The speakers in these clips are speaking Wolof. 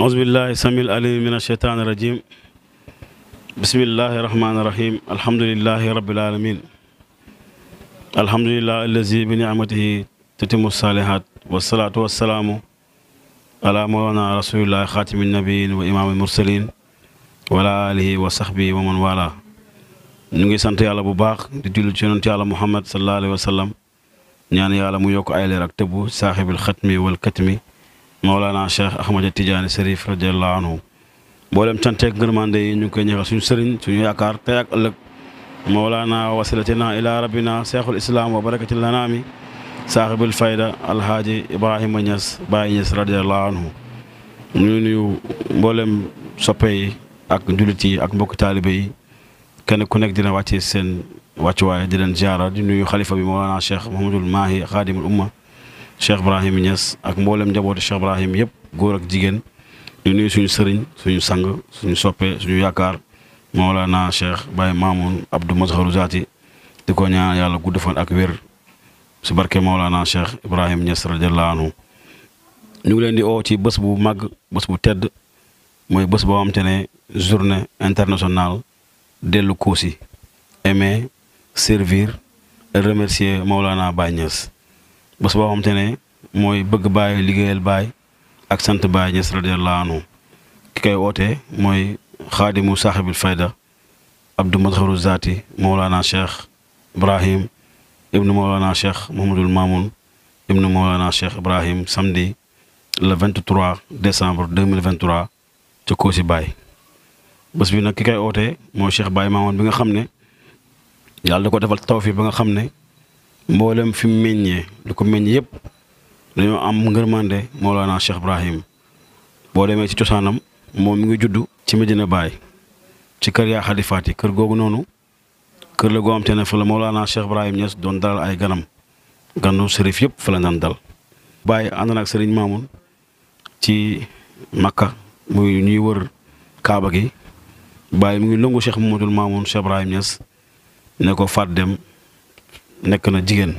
aousubillahi samil alim min asheytaan irajim bismillahi rahmaani rahim alhamdulilahi rabbil alamin alhamdulilah allazi bi niamatihi tatimu salihat wasalaatu wasalaamu ala mawlana rasulillahi xaatimi nabiin wa imaamil mursalin wala alihi wa saxbi wa man wala ñu ngi sant yàlla bu baax di julli ci yonent yàlla muhammad sallallahu alayhi wa sallam ñaan yàlla mu yokk ay leer ak tëbb saaxibil xatmi wal katmi Mawlana Cheikh Ahmad Tidiane Serif radiyallahu anhu mboolem canteeg ngërmande yi ñu ngi koy ñeexal suñu sëriñ suñu yaakaar tey ak ëllëg Mawlana wasilatina ila rabbina cheikhul islam wa barakatil lanaami saaxibul fayda alhaaji Ibrahima Niass Baye Niass radiyallahu anhu ñu nuyu mboolem soppe yi ak njulit ak mbokki taalibe yi kenn ku nekk dina wàcce seen wàccuwaay di leen ziara di nuyu xalifa bi Mawlana Cheikh Mouhamadoul Mahi xaadimul umma Cheikh Ibrahim Niass ak mboolem njabootu Cheikh Ibrahim yëpp góor ak jigéen di nuyu suñu sëriñ suñu sang suñu soppee suñu yaakaar Mawlana Cheikh Baye Mamoun Abdou Mazharu Zati di ko ñaan yàlla gudd fan ak wér si barke Mawlana Cheikh Ibrahim Niass radiyallahu anhu ñu ngi leen di oo ci bés bu màgg bés bu tedd mooy bés boo xamante ne journée internationale dellu Kossy aimer servir et remercier Mawlana Baye Niass bas boo xam ne mooy bëgg baay liggéeyal baay ak sant baay ñes radiallahu anhu ki koy wootee mooy xaadimu saaxibil fayda abdu mazharu zaati moolaana cheikh ibrahim ibnu moolaana cheikh mahamadul mamoun ibnu moolaana cheikh ibrahim samedi le 23 décembre 2023 ca Kossy Baye bés bi nag ki koy ootee mooy cheikh Baye Mamoun bi nga xam ne yàlla da ko defal tawfiq ba nga xam ne mboolem fi mu meññee lu ko meññ yëpp dañoo am ngërmande Mawlana Cheikh Ibrahim boo demee ci cosaanam moom mu ngi judd ci Medina baay ci kër yaa xalifaat yi kër googu noonu kër la goo am te ne fa la Mawlana Cheikh Ibrahim Niass doon dalal ay ganam ganu sërif yëpp fa naan daan dal. Baye ànd na ak Serigne Mamoun ci Makka muy ñuy wër Kaaba gi Baye mu ngi lëngu Cheikh Mamadul Mamoun Cheikh Ibrahim Niass ne ko faat dem. nekk na jigéen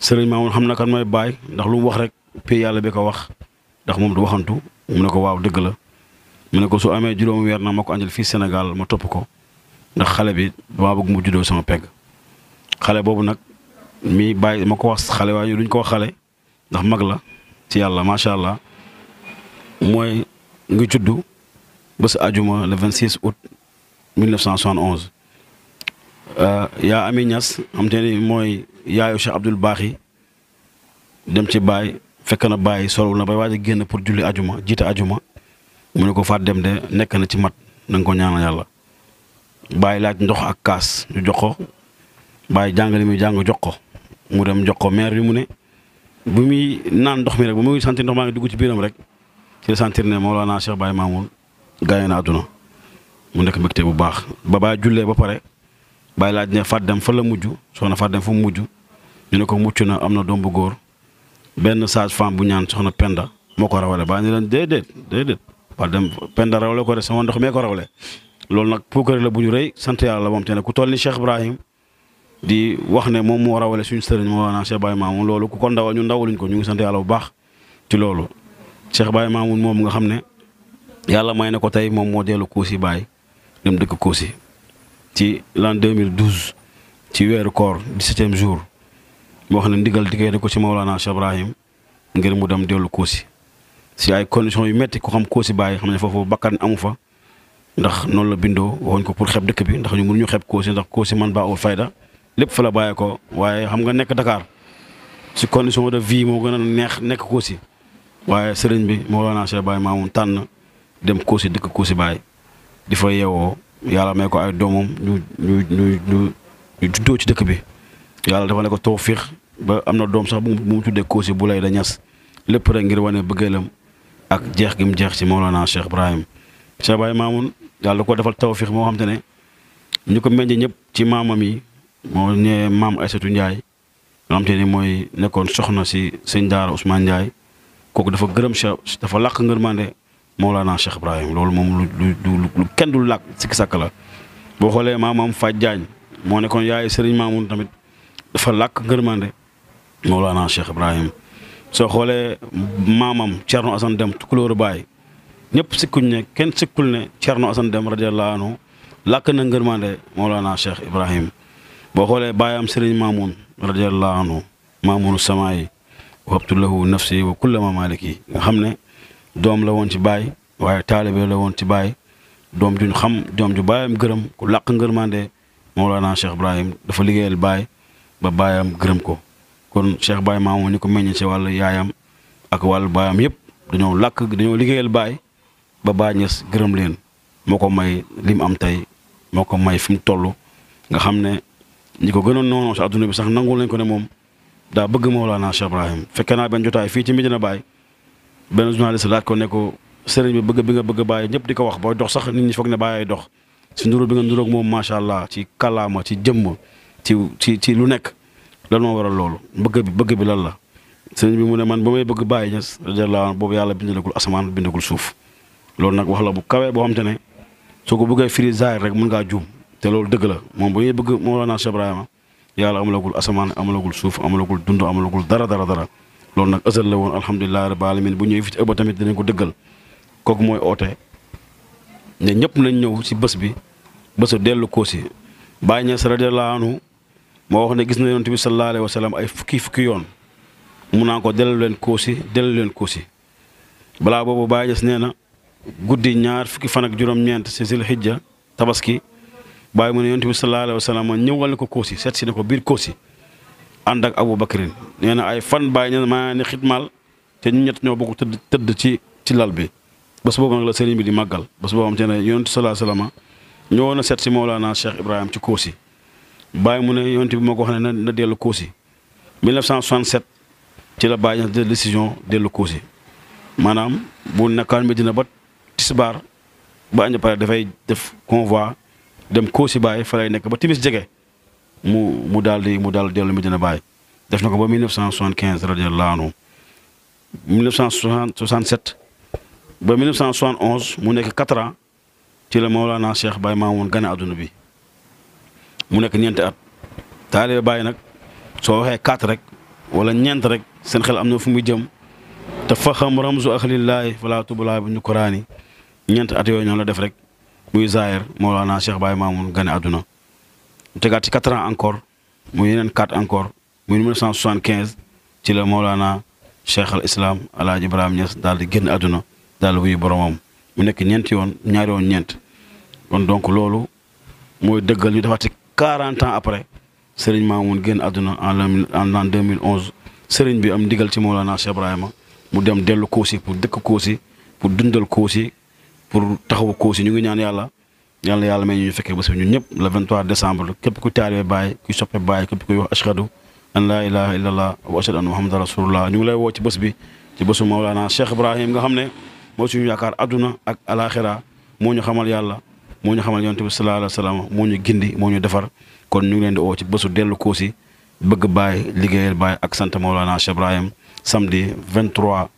sëriñ Mamoun xam na kan mooy baay ndax lu mu wax rek pé yàlla bi ko wax ndax moom du waxantu mu ne ko waaw dëgg la mu ne ko su amee juróom weer na ma ko àndal fii Sénégal ma topp ko ndax xale bi waa bëgg mu juddoo sama pegg xale boobu nag mi bàyyi ma ko wax xale waaye duñ ko wax xale ndax mag la ci yàlla macha allah mooy ngi juddu bés ajuma le 26 août 1971. Euh, yaa Ami Niass am te ni mooy yaayu Cheikh Abdoul Baaxi dem ci baay fekk na baay solul na ba waaj a génn pour julli ajuma jiite ajuma mu ne ko faat dem de nekk na ci mat na nga ko ñaanal yàlla baay laaj ndox ak kaas ñu jox ko baay jàngale mi jàng jox ko mu dem jox ko maire bi mu ne bu muy naan ndox mi rek bu muy sentir ndox maa ngi dugg ci biiram rek ci la sentir ne Mawlana Cheikh Baye Mamoun gaañu na àdduna mu nekk mbégte bu baax ba baay jullee ba pare. bàyyi laaj ne Fat Dem fa la mujj soxna Fat Dem fu mu mujj ñu ne ko mucc na am na doom bu góor benn sage femme bu ñaan soxna Penda moo ko rawale bàyyi ne leen déedéet déedéet Fat Dem Penda rawale ko de sama ndox mee ko rawale loolu nag puukare la bu ñu rey sant yàlla la moom te ne ku toll ni Cheikh Ibrahim di wax ne moom moo rawale suñu sëriñ moo waanaa Cheikh Baye Mamoun loolu ku ko ndawa ñu ndawaluñ ko ñu ngi sant yàlla bu baax ci loolu Cheikh Baye Mamoun moom nga xam ne yàlla may na ko tey moom moo dellu Kossy Baye dem dëkk Kossy ci l'an 2012 ci weeru koor 17e jour moo xam ne ndigal diggante ko ci Mawlana Cheikh Ibrahim ngir mu dem dellu Kossy si ay conditions yu métti ko xam Kossy Baye xam ne foofu bakkan amu fa ndax noonu la bindoo waxuñ ko pour xeeb dëkk bi ndax ñu mënuñu xeeb Kossy ndax Kossy man baa fayda lépp fa la ko waaye xam nga nekk Dakar si condition de vie moo gën a neex nekk Kossy waaye sëriñ bi Mawlana Cheikh Baye Mamoun tànn dem Kossy dëkk Kossy baay di fa yeewoo yàlla may ko ay doomam ñu ñu ñu ñu ñu juddoo ci dëkk bi yàlla dafa ne ko fiix ba am na doom sax bu mu tuddee Kossy bu lay da ñas lépp rek ngir wane bëggeelam ak jeex gi mu jeex ci Mawlana Cheikh Ibrahim Cheikh Baye Mamoun yàlla da ko defal tawfiix moo xam te ne ñu ko meññ ñëpp ci maamam yi moo ñëwee maam Aysatu Ndiaye nga xam te mooy nekkoon soxna si sëñ Daara Ousmane Ndiaye kooku dafa gërëm Cheikh dafa làq ngërmande moolaana Cheikh Ibrahim loolu moom lu kenn du lakk sikk sakk la boo xoolee maamam Faj Jaañ moo nekkoon yaay Serigne Mamoun tamit dafa lakk ngërmande Mawlana Cheikh Ibrahim soo xoolee maamam Thierno Assane Dem tukulóoru baay ñëpp sikkuñ ne kenn sikkul ne Thierno Assane Dem radiyallahu na ngërmande Mawlana Cheikh Ibrahim boo xoolee baayam Serigne Mamoun radiyallahu anhu Mamounu Samaay wa habtu lahu nafsi wa kullama maliki nga xam ne. doom la woon ci baay waaye taalibe la woon ci baay doom juñ xam doom ju baayam gërëm ku làq ngërmande Mawlana Cheikh Ibrahim dafa liggéeyal baay ba baayam gërëm ko kon Cheikh Baye Mamoun ni ko meññ ci wàllu yaayam ak wàllu baayam yëpp dañoo làkk dañoo liggéeyal baay ba Baay Ñas gërëm leen moo ko may li mu am tey moo ko may fi mu toll nga xam ne ñi ko gënoon noonu si adduna bi sax nangul lañ ko ne moom daa bëgg Mawlana Cheikh Ibrahim fekke naa benn jotaay fii ci na Baye benn journaliste laaj ko ne ko sëriñ bi bëgg bi nga bëgg bàyyi ñëpp di ko wax boo dox sax nit ñi foog ne bàyyi dox si nduróo bi nga nduróog moom macha allah ci kàllaama ci jëmm ci ci ci lu nekk lan moo waral loolu bëgg bi bëgg bi lan la. sëriñ bi mu ne man ba may bëgg bàyyi ñes radiyallaahu anhu boobu yàlla bindagul asamaan bindagul suuf loolu nag wax la bu kawee boo xam ne soo ko bëggee firi zaahir rek mën ngaa te loolu dëgg la moom ba ngay bëgg Mawlana Cheikh Ibrahima yàlla amalagul asamaan amalagul suuf amalagul dund amalagul dara dara dara loolu nag ësal la woon alhamdulilah rabbil alamin bu ñëwee fi ci ëpp tamit dinañ ko dëggal kooku mooy oote ne ñëpp nañ ñëw si bës bi bésu dellu Kossy Baye Niass radiyallahu anhu moo wax ne gis na yonent bi sallallahu alayhi wa sallam ay fukki fukki yoon mun naa ko dellu leen Kossy dellu leen Kossy balaa boobu Baye Niass nee na guddi ñaar fukki fan ak juróom-ñeent si sil xijja tabaski Baye mu ne yonent bi sallallahu alayhi wa sallam ñëwal ko Kossy seet si ne ko biir Kossy ànd ak Abu Bakrin nee na ay fan baay nee na maa ne xitmaal te ñu ñett ñoo bokk tëdd tëdd ci ci lal bi bés boobu nag la sëriñ bi di màggal bés boobu am te ne yonent salaa salaama ñëwoon na seet si Mawlaana Cheikh Ibrahima ci Koosi bàyyi mu ne yonent bi moo ko wax ne na dellu Koosi 1967 ci la bàyyi de décision dellu Koosi maanaam bu nekkaan dina ba tisbaar ba ànd pare dafay def convoi dem Koosi Baay fa lay nekk ba timis jege. mu mu daal di mu daal di dellu Medina Baye def na ko ba 1975 radiyallahu anhu 1967 ba 1971 mu nekk 4 ci la Mawlana Cheikh Baye Mamoun gane àdduna bi mu nekk ñeenti at taalibe Baye nag soo waxee 4 rek wala ñeent rek seen xel am na fu muy jëm te fa xam ramzu axlillaahi falaa tubulaa bi ñu koraani ñeent at yooyu ñoom la def rek muy zaahir Mawlana Cheikh Baye Mamoun gane àdduna mu tegaat ci quatre ans encore mu yeneen quatre encore muy 1975 ci la Mawlana Cheikh al Islam El Hadj Ibrahima Niass daal di génn àdduna daal di wuyu boromam mu nekk ñeenti yoon ñaari woon ñeent kon donc loolu mooy dëggal ñu defaat ci 40 ans après Serigne Mamoun génn àdduna en en en 2011 Serigne bi am ndigal ci Mawlana Cheikh brahima mu dem dellu Kossy pour dëkk Kossy pour dundal Kossy pour taxawu Kossy ñu ngi ñaan yàlla. yal na yàlla may ñu fekkee ba si ñun ñëpp le 23 décembre képp ku taalibe Baay ku soppe Baay képp kuy wax ashhadu an laa ilaha illallah wa ashhadu anna muhammadan rasulullah ñu ngi lay woo ci bés bi ci bésu Mawlana Cheikh Ibrahim nga xam ne moo suñu yaakaar adduna ak alaxira moo ñu xamal yàlla moo ñu xamal yonent bi sallallahu alayhi wa sallam moo ñu gindi moo ñu defar kon ñu ngi leen di woo ci bésu dellu Kossy bëgg Baay liggéeyal Baay ak sant Mawlana Cheikh Ibrahim samedi 23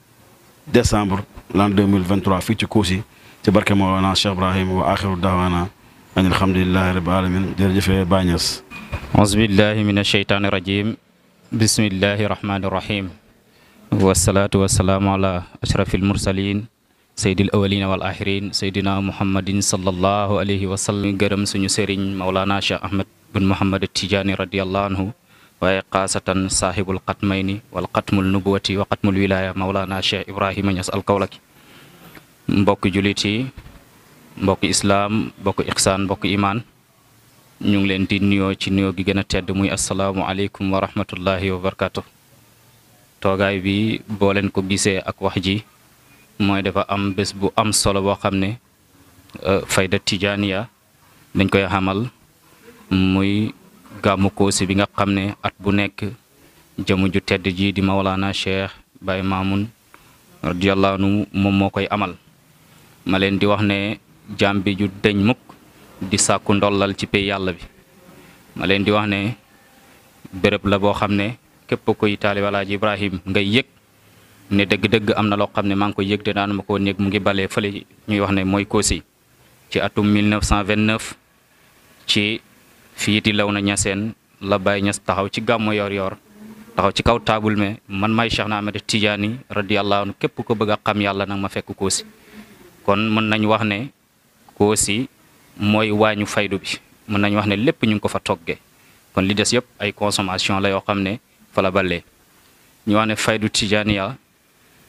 décembre l'an 2023 fii ci Kossy ci barke Mawlana Cheikh Ibrahim wa axiru daawaana an alhamdulilahi rabbil alamin jërëjëfe Bañas ausbillahi min asheytaani rajim bismillahi rahmaani rahim wasalaatu wasalaamu ala ashrafil mursalin saydil awalina wal axirin saydina muhammadin sallallahu alayhi wa sallam gërëm suñu sëriñ Mawlana Cheikh Ahmed bin Muhammad Tijaani radiallahu anhu waaye xaasatan saahibul xatmayni wal xatmul nubuwati wa xatmul wilaya Mawlana Cheikh Ibrahima Ñas alkawlaki mbokk jullit yi mbokk islaam mbokk ixsaan mbokk imaan ñu ngi leen di nuyoo ci nuyoo gi gën a tedd muy asalaamualeykum wa rahmatullahi wa barakaatu. toogaay bi boo leen ko gisee ak wax ji mooy dafa am bés bu am solo boo xam ne euh, fayda tijaaniya dañ koy xamal muy gàmmu koosi bi nga xam ne at bu nekk jëmu ju tedd ji di mawlaana cheikh Baye Mamoun radiyallahu moom moo koy amal ma leen di wax ne jaam bi ju deñ mukk di sàkku ndollal ci pay yàlla bi ma leen di wax ne béréb la boo xam ne képp koy taalibe Alaaji Ibrahim ngay yëg ne dëgg-dëgg am na loo xam ne maa ngi koy yëg te ma ko néeg mu ngi balee fële ñuy wax ne mooy Kossy ci atum 1929 ci fii di na ñaseen la Baye ñas taxaw ci gàmm yoor yor taxaw ci kaw taabul me man may Cheikh na Ahmed Tidiane radiyallahu anhu képp ko bëgg a xam yàlla nag ma fekk Kossy kon mën nañ wax ne Kossy mooy waañu faydu bi mën nañ wax ne lépp ñu ngi ko fa toggee kon li des yëpp ay consommation la yoo xam ne fa la ballee ñu wax ne faydu tijaniya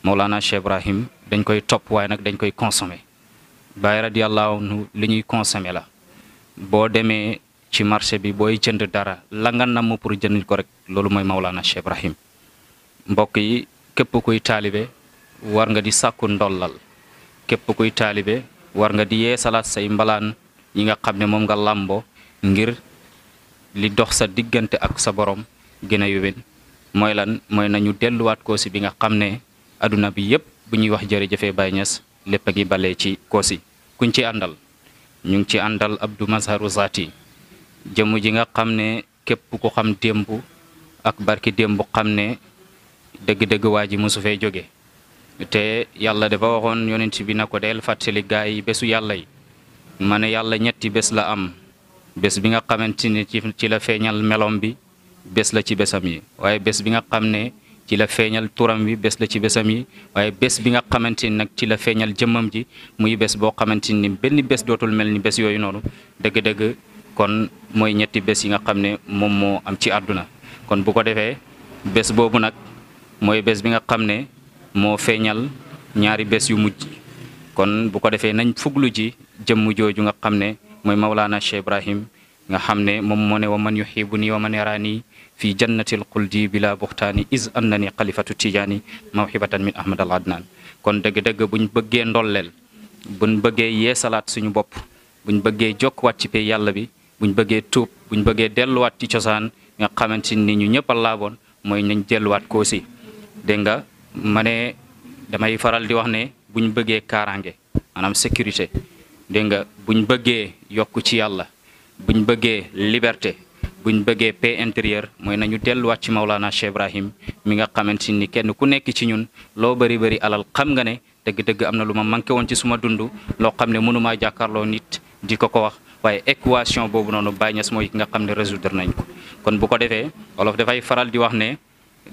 Mawlana Cheikh Ibrahim dañ koy topp waaye nag dañ koy consommer Baay radiyallahu anhu li ñuy consommer la boo demee ci marché bi booy jënd dara la nga namm pour jënd ko rek loolu mooy Mawlana Cheikh Ibrahim mbokk yi képp kuy taalibe war nga di sàkku ndollal képp kuy taalibe war nga di yeesalaat say mbalaan yi nga xam ne moom nga làmbo ngir li dox sa diggante ak sa borom gën a yówén mooy lan mooy nañu delluwaat koosi bi nga xam ne àdduna bi yépp bu ñuy wax jërëjëfee Baye Niass lépp a ngi bale ci koosi kuñ ci àndal ñu ngi ci àndal Abdou Mazharu saati jëmm ji nga xam ne képp ku xam démb ak barki démb xam ne dëgg-dëgg waa ji mosu fee jóge te yàlla dafa waxoon yonent bi na ko del fàttali gaa yi besu yàlla yi ma yàlla ñetti bés la am bés bi nga xamante ne ci la feeñal melom bi bés la ci bésam yi waaye bés bi nga xam ne ci la feeñal turam bi bés la ci bésam yi waaye bés bi nga xamante ni nag ci la feeñal jëmmam ji muy bés boo xamante ni benn bés dootul mel ni bés yooyu noonu dëgg-dëgg kon mooy ñetti bés yi nga xam ne moom moo am ci àdduna kon bu ko defee bés boobu nag mooy bés bi nga xam ne moo feeñal ñaari bés yu mujj kon bu ko defee nañ fuglu ji jëmm jooju nga xam ne mooy Mawlaana Cheikh Ibrahim nga xam ne moom moo ne wa man yuxibu nii wa man yaraani fii jannatil xuldi bila buxtaani is am na ni xalifatu tijaani mawhibatan min ahmad al adnan kon dëgg-dëgg buñ bëggee ndolleel buñ bëggee yeesalaat suñu bopp buñ bëggee jokk waat ci pay yàlla bi buñ bëggee tuub buñ bëggee delluwaat ci cosaan nga xamante ni ñu ñëpp laaboon mooy nañ delluwaat koosi dégg nga ma ne damay faral di wax ne bu bëggee kaaraange maanaam sécurité dégg nga bu ñu bëggee yokk ci yàlla bu ñu bëggee liberté buñ bëggee paix intérieure mooy nañu delluwaat ci Maulana Cheikh Ibrahim mi nga xamante ni kenn ku nekk ci ñun loo bëri bëri alal xam nga ne dëgg-dëgg am na lu ma manqué woon ci suma dund loo xam ne mënumaa jàkkaarloo nit di ko ko wax waaye équation boobu noonu bañ Niass mooy ki nga xam ne résuder nañ ko kon bu ko defee Wolof dafay faral di wax ne.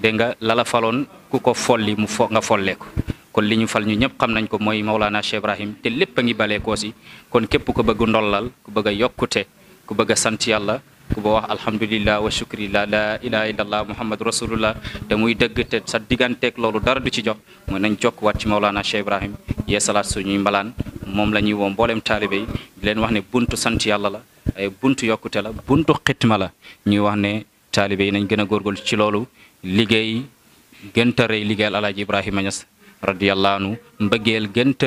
dégg nga lala faloon ku ko folli mu fo nga follee ko kon li ñu fal ñu ñëpp xam nañ ko mooy Maulana Cheikh Ibrahim te lépp a ngi balee koo si kon képp ko bëgg ndollal ku bëgg a yokkute ku bëgg a sant yàlla ku ba wax alhamdulillah wa shukrillah la ilaha illallah muhammadu rasulullah te muy dëgg te sa digganteeg loolu dara du ci jox mooy nañ jokkuwaat ci Maulana Cheikh Ibrahim yee salaat suñuy mbalaan moom la ñuy woo mbooleem taalibe yi leen wax ne buntu sant yàlla la ay buntu yokkute la buntu xitma la ñuy wax ne taalibe yi nañ gën a ci loolu liggéey gën a rëy liggéeyal alaaji ibrahima ñas radiyallahu anhu mbëggeel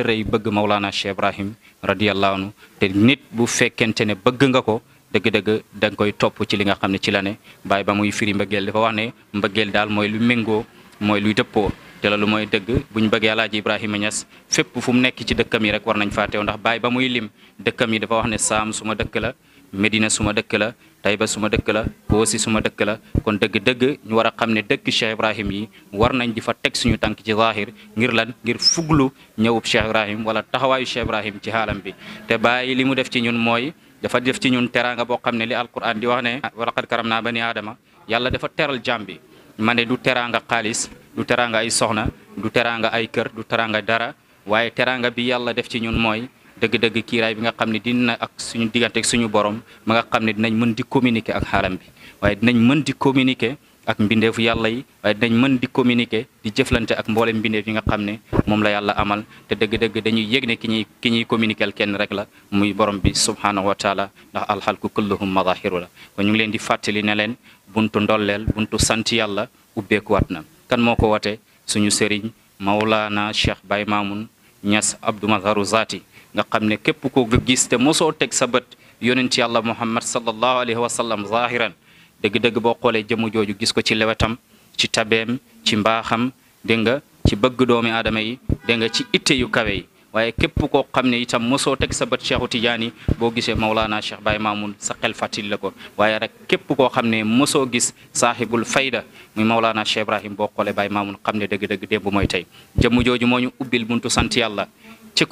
rëy bëgg mawlaana cheikh ibrahim radiyallahu te nit bu fekkente ne bëgg nga ko dëgg-dëgg da koy topp ci li nga xam ne ci la ne baay ba muy firi mbëggeel dafa wax ne mbëggeel daal mooy lu méngoo mooy luy dëppoo te loolu mooy dëgg bu ñu bëggee alaaji ibrahima ñas fépp fu mu nekk ci dëkkam yi rek war nañ faa teew ndax bàyyi ba muy lim dëkkam yi dafa wax ne saam suma dëkk la Medina suma dëkk la Tayba suma dëkk la Poosi suma dëkk la kon dëgg-dëgg ñu war a xam ne dëkk Cheikh Ibrahim yi war nañ di fa teg suñu tànk ci zaahir ngir lan ngir fuglu ñëwub Cheikh Ibrahim wala taxawaayu Cheikh Ibrahim ci xaalam bi te bàyyi li mu def ci ñun mooy dafa def ci ñun teraanga boo xam ne li alquran di wax ne walaqad karam naa bani aadama yàlla dafa teral jàmm bi ma ne du teraanga xaalis du teraanga ay soxna du teraanga ay kër du teraanga dara waaye teraanga bi yàlla def ci ñun mooy dëgg-dëgg kiiraay bi nga xam ne dina ak suñu diggante suñu borom ma nga xam ne dinañ mën di communiquer ak xaalam bi waaye dinañ mën di communiquer ak mbindeefu yàlla yi waaye dinañ mën di communiquer di jëflante ak mboolem mbindeef yi nga xam ne moom la yàlla amal te dëgg-dëgg dañuy yëg ne ki ñuy ki ñuy communiquer kenn rek la muy borom bi subhaanahu wa taala ndax alxalku kulluhum madahiru la ko ñu ngi leen di fàttali ne leen buntu ndolleel buntu sant yàlla ubbeekuwaat na kan moo ko wate suñu sëriñ Maulana Cheikh Baye Mamoun Niass Abdou Mazharu Zati nga xam ne képp ko gis te mosoo teg sa bët yonent yàlla muhammad sallallahu alayhi wa sallam zahiran dëgg-dëgg boo xoolee jëmu jooju gis ko ci lewetam ci tabeem ci mbaaxam dégg nga ci bëgg doomi aadama yi dégg nga ci itte yu kawe yi waaye képp koo xam ne itam mosoo teg sa bët Cheikhu Tidiane boo gisee Maulana Cheikh Baye Mamoun sa xel fàttali la ko waaye rek képp koo xam ne mosoo gis saaxibul fayda muy Maulana Cheikh Ibrahim boo xoolee Baye Mamoun xam ne dëgg-dëgg démb mooy tey jëmm jooju moo ñu ubbil buntu sant yàlla ci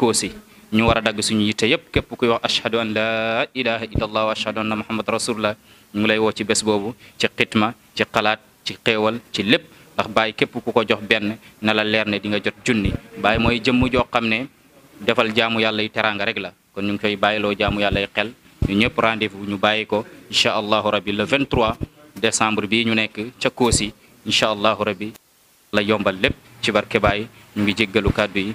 ñu war dagg suñu yitte yépp képp kuy wax ashhadu an laa ilaha illallah wa ashhadu anna muhammad rasulullah ñu ngi lay woo ci bés boobu ci xitma ci xalaat ci xéewal ci lépp ndax Baye képp ku ko jox benn na la leer ne di nga jot junni Baye mooy jëmm joo xam ne defal jaamu yàlla yi teraanga rek la kon ñu ngi koy bàyyiloo jaamu yàlla yi xel ñu ñëpp rendez-vous ñu bàyyi ko incha allahu rabbi le 23 décembre bii ñu nekk ca Koosi incha allahu rabbi la yombal lépp ci barke Baye ngi jéggalu kàddu yi